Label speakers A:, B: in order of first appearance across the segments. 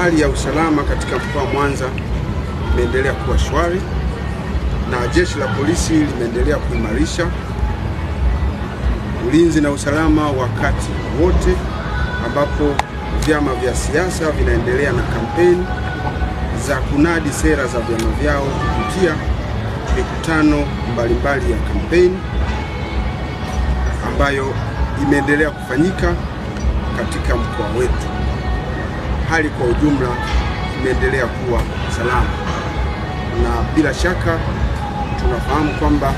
A: hali ya usalama katika mkoa wa Mwanza imeendelea kuwa shwari na jeshi la polisi limeendelea kuimarisha ulinzi na usalama wakati wote ambapo vyama vya siasa vinaendelea na kampeni za kunadi sera za vyama vyao kupitia mikutano mbalimbali ya kampeni ambayo imeendelea kufanyika katika mkoa wetu hali kwa ujumla imeendelea kuwa salama, na bila shaka tunafahamu kwamba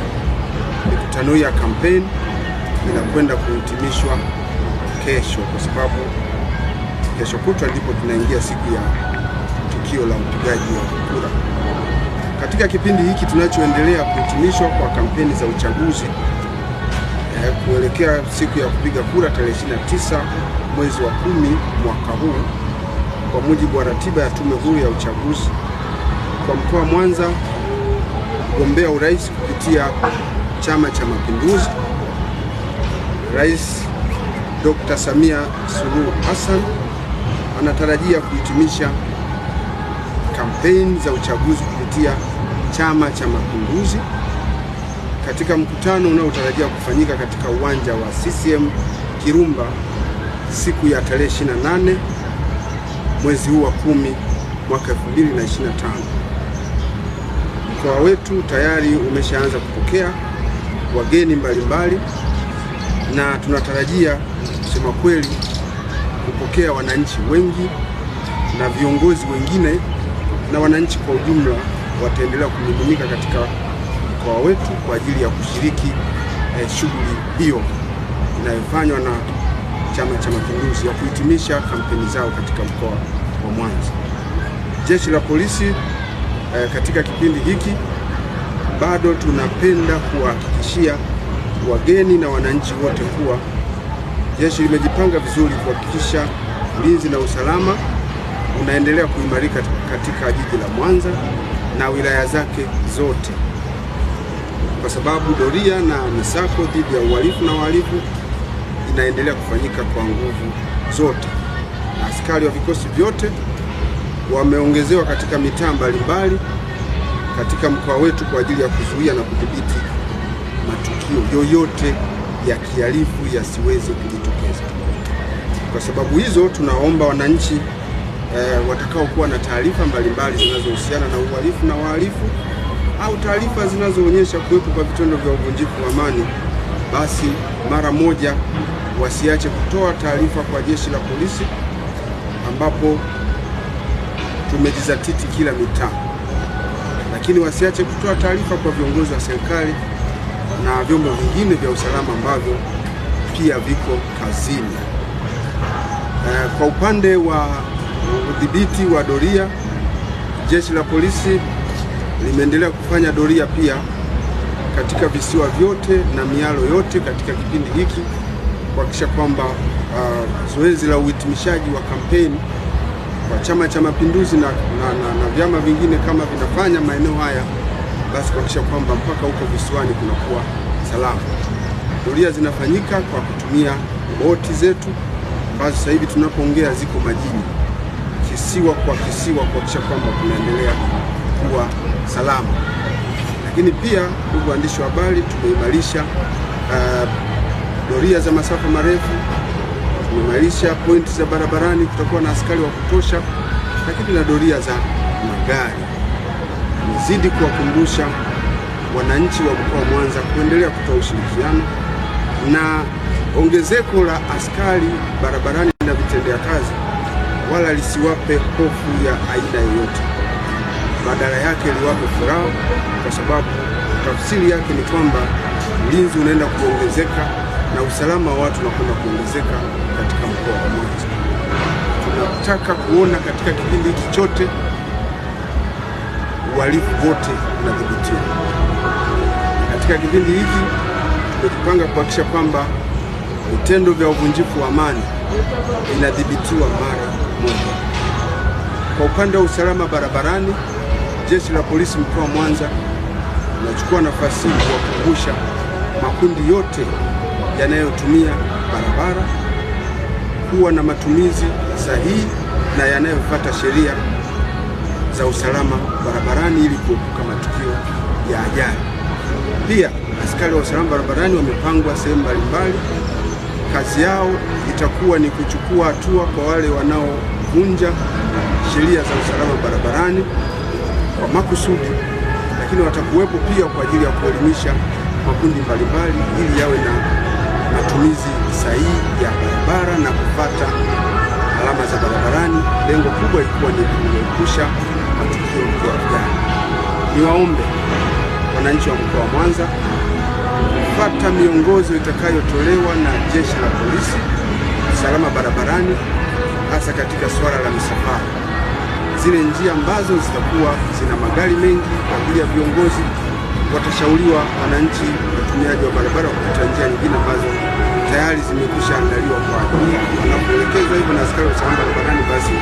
A: mikutano ya kampeni inakwenda kuhitimishwa kesho, kwa sababu kesho kutwa ndipo tunaingia siku ya tukio la upigaji wa kura. Katika kipindi hiki tunachoendelea kuhitimishwa kwa kampeni za uchaguzi eh, kuelekea siku ya kupiga kura tarehe 29 mwezi wa kumi mwaka huu kwa mujibu wa ratiba ya Tume Huru ya Uchaguzi. Kwa mkoa wa Mwanza, mgombea urais kupitia Chama cha Mapinduzi, Rais Dr. Samia Suluhu Hassan anatarajia kuhitimisha kampeni za uchaguzi kupitia Chama cha Mapinduzi katika mkutano unaotarajiwa kufanyika katika uwanja wa CCM Kirumba siku ya tarehe 28 mwezi huu wa kumi mwaka 2025. Mkoa wetu tayari umeshaanza kupokea wageni mbalimbali mbali, na tunatarajia kusema kweli kupokea wananchi wengi na viongozi wengine na wananchi kwa ujumla wataendelea kumiminika katika mkoa wetu kwa ajili ya kushiriki eh, shughuli hiyo inayofanywa na Chama cha Mapinduzi ya kuhitimisha kampeni zao katika mkoa wa Mwanza. Jeshi la polisi eh, katika kipindi hiki bado tunapenda kuwahakikishia wageni na wananchi wote kuwa jeshi limejipanga vizuri kuhakikisha ulinzi na usalama unaendelea kuimarika katika jiji la Mwanza na wilaya zake zote, kwa sababu doria na misako dhidi ya uhalifu na wahalifu inaendelea kufanyika kwa nguvu zote, na askari wa vikosi vyote wameongezewa katika mitaa mbalimbali katika mkoa wetu kwa ajili ya kuzuia na kudhibiti matukio yoyote ya kihalifu yasiweze kujitokeza. Kwa sababu hizo, tunaomba wananchi eh, watakaokuwa na taarifa mbalimbali zinazohusiana na uhalifu na wahalifu au taarifa zinazoonyesha kuwepo kwa vitendo vya uvunjifu wa amani, basi mara moja wasiache kutoa taarifa kwa jeshi la polisi, ambapo tumejizatiti kila mitaa, lakini wasiache kutoa taarifa kwa viongozi wa serikali na vyombo vingine vya usalama ambavyo pia viko kazini. Eh, kwa upande wa udhibiti wa doria, jeshi la polisi limeendelea kufanya doria pia katika visiwa vyote na mialo yote katika kipindi hiki kuhakikisha kwamba uh, zoezi la uhitimishaji wa kampeni kwa Chama cha Mapinduzi na, na, na, na vyama vingine kama vinafanya maeneo haya, basi kuhakikisha kwamba mpaka huko visiwani kunakuwa salama. Doria zinafanyika kwa kutumia boti zetu ambazo sasa hivi tunapoongea ziko majini, kisiwa kwa kisiwa, kuhakikisha kwamba kunaendelea kuwa salama. Lakini pia ndugu waandishi wa habari, tumeimarisha uh, doria za masafa marefu, tumeimarisha pointi za barabarani, kutakuwa na askari wa kutosha, lakini na doria za magari. Nizidi kuwakumbusha wananchi wa mkoa wa Mwanza kuendelea kutoa ushirikiano na ongezeko la askari barabarani na vitendea kazi wala lisiwape hofu ya aina yoyote, badala yake liwape furaha, kwa sababu tafsiri yake ni kwamba ulinzi unaenda kuongezeka na usalama wa watu unakwenda kuongezeka katika mkoa wa Mwanza. Tunataka kuona katika kipindi hiki chote uhalifu wote unadhibitiwa. Katika kipindi hiki tumejipanga kuhakikisha kwamba vitendo vya uvunjifu wa amani vinadhibitiwa mara moja. Kwa upande wa usalama barabarani, Jeshi la Polisi mkoa wa Mwanza linachukua nafasi hii kuwakumbusha makundi yote yanayotumia barabara, kuwa na matumizi sahihi na yanayofuata sheria za usalama barabarani ili kuepuka matukio ya ajali. Pia askari wa usalama barabarani wamepangwa sehemu mbalimbali. Kazi yao itakuwa ni kuchukua hatua kwa wale wanaovunja sheria za usalama barabarani kwa makusudi, lakini watakuwepo pia kwa ajili ya kuelimisha makundi mbalimbali ili yawe na matumizi sahihi ya barabara na kupata alama za barabarani, lengo kubwa ilikuwa ni kuepusha matukio ya ajali. Niwaombe wananchi wa mkoa wa Mwanza kufata miongozo itakayotolewa na Jeshi la Polisi usalama barabarani, hasa katika suala la misafara, zile njia ambazo zitakuwa zina magari mengi kwa ajili ya viongozi watashauriwa wananchi watumiaji wa barabara kupita njia nyingine ambazo tayari zimekwisha andaliwa kwa ajili. Wanapoelekezwa hivyo na askari wa usalama barabarani, basi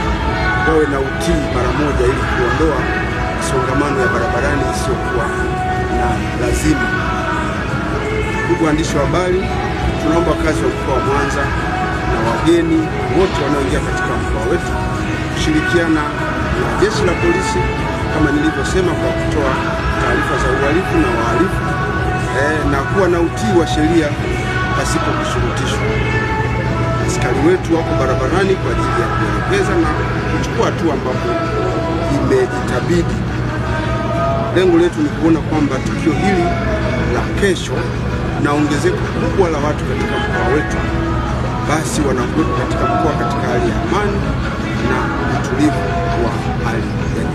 A: wawe na utii mara moja, ili kuondoa songamano ya barabarani isiyokuwa na lazima. Ndugu waandishi wa habari, tunaomba wakazi wa mkoa wa Mwanza na wageni wote wanaoingia katika mkoa wetu kushirikiana na jeshi la polisi kama nilivyosema, kwa kutoa taarifa za uhalifu na wahalifu eh, na kuwa na utii wa sheria pasipo kushurutishwa. Askari wetu wako barabarani kwa ajili ya kuelekeza na kuchukua hatua ambapo imejitabidi. Lengo letu ni kuona kwamba tukio hili la kesho na ongezeko kubwa la watu katika mkoa wetu, basi wanakuwepo katika mkoa katika hali ya amani na utulivu wa hali ya